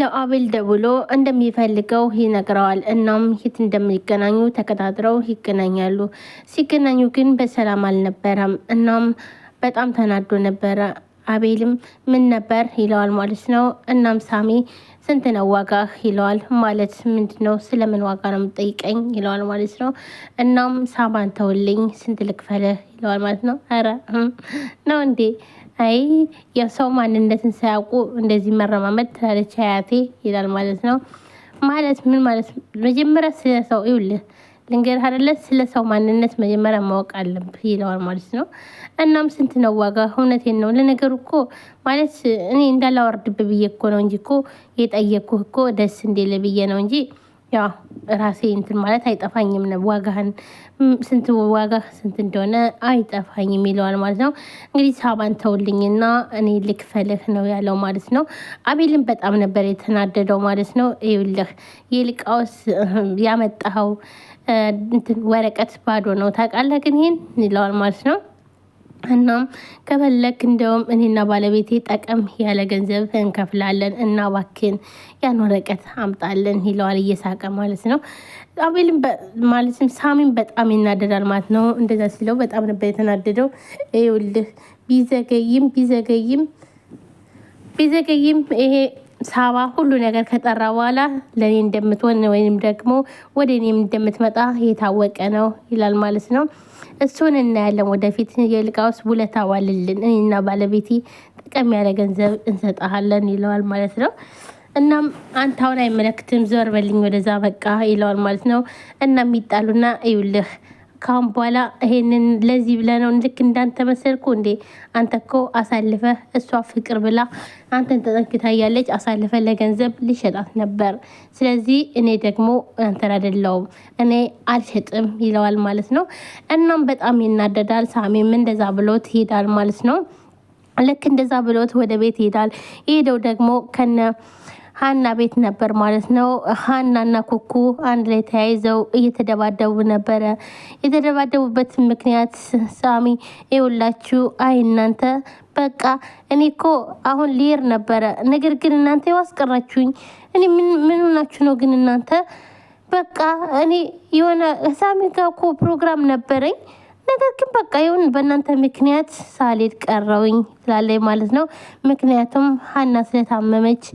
ለአቤል ደውሎ እንደሚፈልገው ይነግረዋል። እናም የት እንደሚገናኙ ተቀጣጥረው ይገናኛሉ። ሲገናኙ ግን በሰላም አልነበረም። እናም በጣም ተናዶ ነበረ። አቤልም ምን ነበር ይለዋል ማለት ነው። እናም ሳሚ ስንት ነው ዋጋ ይለዋል ማለት ምንድን ነው ስለምን ዋጋ ነው የምጠይቀኝ ይለዋል ማለት ነው። እናም ሳማን ተውልኝ ስንት ልክፈለ ይለዋል ማለት ነው። ኧረ ነው እንዴ አይ የሰው ማንነትን ሳያውቁ እንደዚህ መረማመድ ትላለች አያቴ ይላል ማለት ነው። ማለት ምን ማለት መጀመሪያ ስለ ሰው ይውልህ ልንገር አይደለ ስለ ሰው ማንነት መጀመሪያ ማወቅ አለብህ ይለዋል ማለት ነው። እናም ስንት ነው ዋጋ? እውነቴን ነው ለነገሩ እኮ ማለት እኔ እንዳላወርድብ ብዬ እኮ ነው እንጂ እኮ የጠየኩህ እኮ ደስ እንዴለ ብዬ ነው እንጂ ያ ራሴ እንትን ማለት አይጠፋኝም ነ ዋጋህን ስንት ዋጋ ስንት እንደሆነ አይጠፋኝም ይለዋል ማለት ነው። እንግዲህ ሳባን ተውልኝና እኔ ልክፈልህ ነው ያለው ማለት ነው። አቤልን በጣም ነበር የተናደደው ማለት ነው። ይኸውልህ የልቃውስ ያመጣኸው እንትን ወረቀት ባዶ ነው ታውቃለህ፣ ግን ይህን ይለዋል ማለት ነው። እናም ከፈለክ እንደውም እኔና ባለቤቴ ጠቀም ያለ ገንዘብ እንከፍላለን እና ባክን ያን ወረቀት አምጣለን ይለዋል፣ እየሳቀ ማለት ነው። አቤልም ማለትም ሳሚን በጣም ይናደዳል ማለት ነው። እንደዛ ሲለው በጣም ነበር የተናደደው። ይኸውልህ ቢዘገይም ቢዘገይም ቢዘገይም ይሄ ሳባ ሁሉ ነገር ከጠራ በኋላ ለእኔ እንደምትሆን ወይም ደግሞ ወደ እኔም እንደምትመጣ የታወቀ ነው ይላል ማለት ነው። እሱን እናያለን ወደፊት። የልቃውስ ውለታ ዋልልን እኔና ባለቤቴ ጠቀም ያለ ገንዘብ እንሰጠሃለን ይለዋል ማለት ነው። እናም አንተ አሁን አይመለክትም፣ ዞር በልኝ ወደዛ በቃ ይለዋል ማለት ነው። እናም ይጣሉና ይውልህ ካሁን በኋላ ይሄንን ለዚህ ብለህ ነው ልክ እንዳንተ መሰልኩ እንዴ? አንተ እኮ አሳልፈ እሷ ፍቅር ብላ አንተን ተጠንክታ ያለች አሳልፈ ለገንዘብ ልሸጣት ነበር። ስለዚህ እኔ ደግሞ አንተን አይደለሁም እኔ አልሸጥም ይለዋል ማለት ነው። እናም በጣም ይናደዳል። ሳሜም እንደዛ ብሎት ይሄዳል ማለት ነው። ልክ እንደዛ ብሎት ወደ ቤት ይሄዳል። ይሄደው ደግሞ ከነ ሀና ቤት ነበር ማለት ነው። ና ኩኩ አንድ ላይ ተያይዘው እየተደባደቡ ነበረ። የተደባደቡበት ምክንያት ሳሚ ይውላችሁ፣ አይ እናንተ በቃ እኔ እኮ አሁን ሊር ነበረ፣ ነገር ግን እናንተ የዋስቀራችሁኝ። እኔ ምን ሆናችሁ ነው ግን እናንተ? በቃ እኔ የሆነ ሳሚ ጋር እኮ ፕሮግራም ነበረኝ ነገር ግን በቃ ይሁን በእናንተ ምክንያት ሳልሄድ ቀረውኝ ትላለች ማለት ነው። ምክንያቱም ሀና ስለታመመች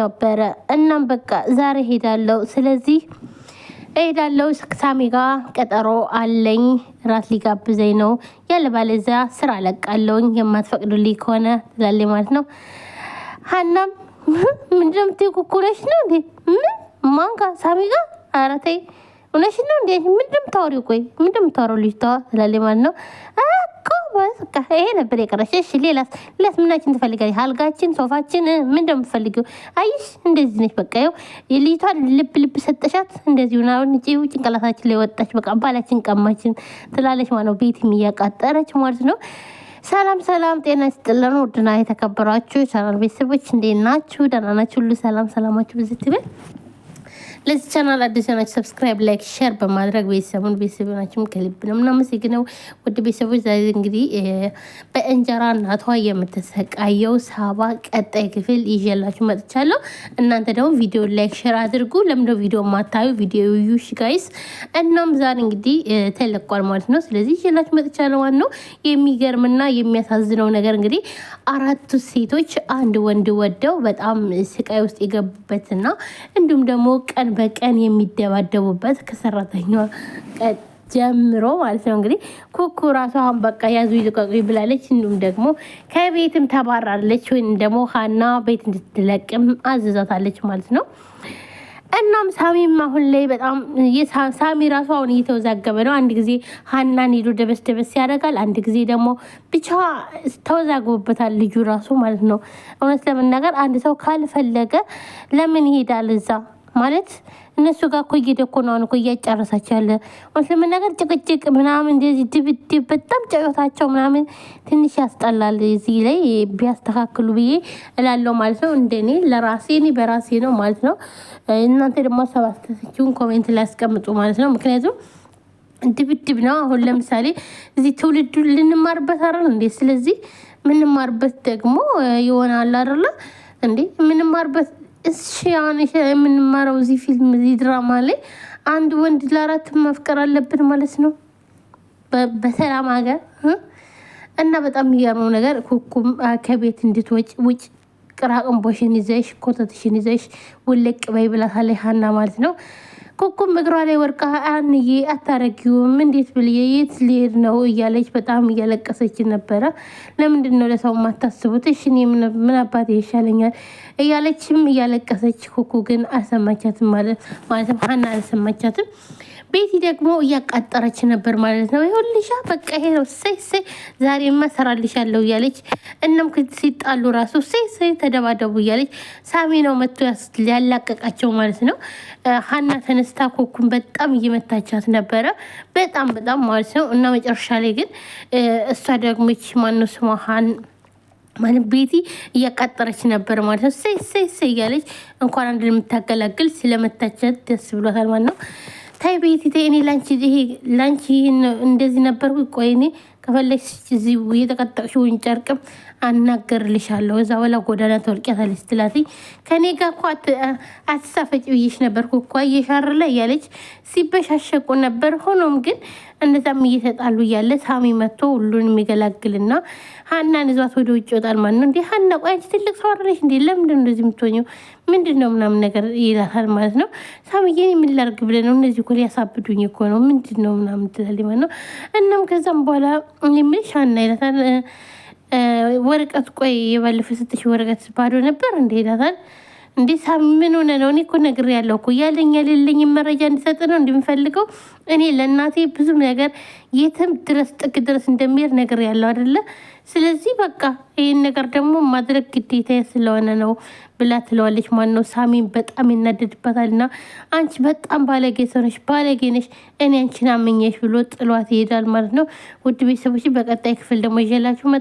ነበረ። እናም በቃ ዛሬ ሄዳለው፣ ስለዚህ እሄዳለው ሳሚ ጋር ቀጠሮ አለኝ፣ ራት ሊጋብዘኝ ነው። ያለበለዚያ ስራ ለቃለውኝ የማትፈቅዱልኝ ከሆነ ትላለች ማለት ነው። ሀናም ምንድነው የምትይው? ኩኩለሽ ነው እንዴ? ምን ማንጋ ጋር? ሳሚ ጋር? ኧረ ተይ ነው እንዴ? ምንድነው የምታወሪው? ቆይ ምንድነው ልጅ ተዋ ትላለች ማለት ነው። በቃ ይሄ ነበር የቀረሽ። እሺ ሌላስ ሌላስ ምናችን ትፈልጋለሽ? አልጋችን፣ ሶፋችን ምን እንደምትፈልጊው አይሽ። እንደዚህ ነች በቃ ልብ ልብ ሰጠሻት። እንደዚሁ ናሁን ጭንቅላታችን ላይ ወጣች። በቃ ባላችን ቀማችን ትላለች ማለት ነው። ቤት እያቃጠረች ማለት ነው። ሰላም ሰላም፣ ጤና ይስጥልን ውድና የተከበሯችሁ ቻናል ቤተሰቦች እንዴት ናችሁ? ደህና ናችሁ? ሁሉ ሰላም ሰላማችሁ ብዙ ትበል ለዚህ ቻናል አዲስ የሆናችሁ ሰብስክራይብ፣ ላይክ፣ ሸር በማድረግ ቤተሰቡን ቤተሰብ ናችሁም ከልብ ነው ምናመሰግነው። ውድ ቤተሰቦች ዛሬ እንግዲህ በእንጀራ እናቷ የምትሰቃየው ሳባ ቀጣይ ክፍል ይዤላችሁ መጥቻለሁ። እናንተ ደግሞ ቪዲዮ ላይክ፣ ሸር አድርጉ። ለምደ ቪዲዮ ማታዩ ቪዲዮ ዩሽ ጋይስ። እናም ዛሬ እንግዲህ ተለቋል ማለት ነው። ስለዚህ ይዤላችሁ መጥቻለሁ ማለት ነው። የሚገርምና የሚያሳዝነው ነገር እንግዲህ አራቱ ሴቶች አንድ ወንድ ወደው በጣም ስቃይ ውስጥ የገቡበትና እንዲሁም ደግሞ ቀን በቀን የሚደባደቡበት ከሰራተኛዋ ጀምሮ ማለት ነው። እንግዲህ ኩኩ ራሱ አሁን በቃ ያዙ ይልቀቁ ብላለች። እንዲሁም ደግሞ ከቤትም ተባራለች፣ ወይም ደግሞ ሀና ቤት እንድትለቅም አዝዛታለች ማለት ነው። እናም ሳሚም አሁን ላይ በጣም ሳሚ ራሱ አሁን እየተወዛገበ ነው። አንድ ጊዜ ሀናን ሄዶ ደበስ ደበስ ያደርጋል፣ አንድ ጊዜ ደግሞ ብቻ ተወዛግቦበታል ልጁ ራሱ ማለት ነው። እውነት ለመናገር አንድ ሰው ካልፈለገ ለምን ይሄዳል እዛ ማለት እነሱ ጋር እኮ እየሄደ እኮ ነው እኮ እያጨረሳቸው ያለ ሙስልም ነገር ጭቅጭቅ ምናምን እንደዚህ ድብድብ በጣም ጨዋታቸው ምናምን ትንሽ ያስጠላል። እዚህ ላይ ቢያስተካክሉ ብዬ እላለው ማለት ነው። እንደኔ ለራሴ እኔ በራሴ ነው ማለት ነው። እናንተ ደግሞ ሰባስተችውን ኮሜንት ላይ ያስቀምጡ ማለት ነው። ምክንያቱም ድብድብ ነው። አሁን ለምሳሌ እዚህ ትውልዱ ልንማርበት አይደል እንዴ? ስለዚህ ምንማርበት ደግሞ ይሆናል አይደለ እንዴ? ምንማርበት እሺ አሁን የምንማረው እዚህ ፊልም እዚህ ድራማ ላይ አንድ ወንድ ለአራት ማፍቀር አለብን ማለት ነው፣ በሰላም ሀገር እና በጣም የሚገርመው ነገር ኩኩም ከቤት እንድትወጭ ውጭ ቅራቅንቦሽን ይዘሽ ኮተትሽን ይዘሽ ውልቅ በይ ብላታለች ሀና ማለት ነው። ኩኩም እግሯ ላይ ወርቃ አንዬ አታረጊውም እንዴት ብልዬ የት ሊሄድ ነው እያለች በጣም እያለቀሰች ነበረ። ለምንድን ነው ለሰው ማታስቡት? እሺ ምን አባት ይሻለኛል እያለችም እያለቀሰች ኩኩ ግን አልሰማቻትም። ማለት ማለትም ሀና አልሰማቻትም። ቤቲ ደግሞ እያቃጠረች ነበር ማለት ነው። ይሁልሻ በቃ ይሄ ነው ሰይ ሰይ ዛሬማ እሰራልሻለሁ እያለች እነም ሲጣሉ ራሱ ሴ ሴ ተደባደቡ እያለች ሳሚ ነው መቶ ያላቀቃቸው ማለት ነው። ሀና ተነስታ ኮኩን በጣም እየመታቻት ነበረ፣ በጣም በጣም ማለት ነው። እና መጨረሻ ላይ ግን እሷ ደግሞ ማነው ስሟ ማለት ቤቲ እያቃጠረች ነበር ማለት ነው። ሴ ሴ ሴ እያለች እንኳን አንድ የምታገላግል ስለመታቻት ደስ ብሏታል ማለት ነው። ታይ ቤትቴ እኔ ላንቺ ላንቺ እንደዚህ ነበርኩ። ቆይ እኔ ከፈለግሽ እዚህ የተቀጠቅሽውን ጨርቅም አናገርልሻለሁ እዛ ወላ ጎዳና ተወልቂያታለች ስትላት ከኔ ጋ እኮ አትሳፈጭ ብዬሽ ነበርኩ እኮ እየሻርላ እያለች ሲበሻሸቁ ነበር። ሆኖም ግን እነዛም እየተጣሉ እያለ ሳሚ መጥቶ ሁሉን የሚገላግልና ሀናን እዟት ወደ ውጭ ይወጣል ማለት ነው። እንዴ ሀና ቆይ አንቺ ትልቅ ሰው አይደለሽ እንዴ ለምንድን ነው እንደዚህ የምትሆኘው? ምንድን ነው ምናምን ነገር ይላታል ማለት ነው። ሳሚዬን የምላርግ ብለ ነው እነዚህ እኮ ሊያሳብዱኝ እኮ ነው ምንድን ነው ምናምን ትላል ማለት ነው። እናም ከዛም በኋላ የምልሽ ሀና ይላታል ወረቀት ቆይ የባለፈው የሰጠሽ ወረቀት ባዶ ነበር እንደ ይላታል እንዴ ሳሚ ምን ሆነ ነው? እኔ እኮ ነግር ያለው እኮ ያለኝ የሌለኝ መረጃ እንዲሰጥ ነው እንደምፈልገው። እኔ ለእናቴ ብዙ ነገር የትም ድረስ ጥግ ድረስ እንደሚሄድ ነገር ያለው አይደለ? ስለዚህ በቃ ይህን ነገር ደግሞ ማድረግ ግዴታ ስለሆነ ነው ብላ ትለዋለች። ማን ነው ሳሚን በጣም ይናደድበታል። እና አንቺ በጣም ባለጌ ሰው ነሽ፣ ባለጌ ነሽ፣ እኔ አንቺን አመኘሽ ብሎ ጥሏት ይሄዳል ማለት ነው። ውድ ቤተሰቦች በቀጣይ ክፍል ደግሞ ይዤላችሁ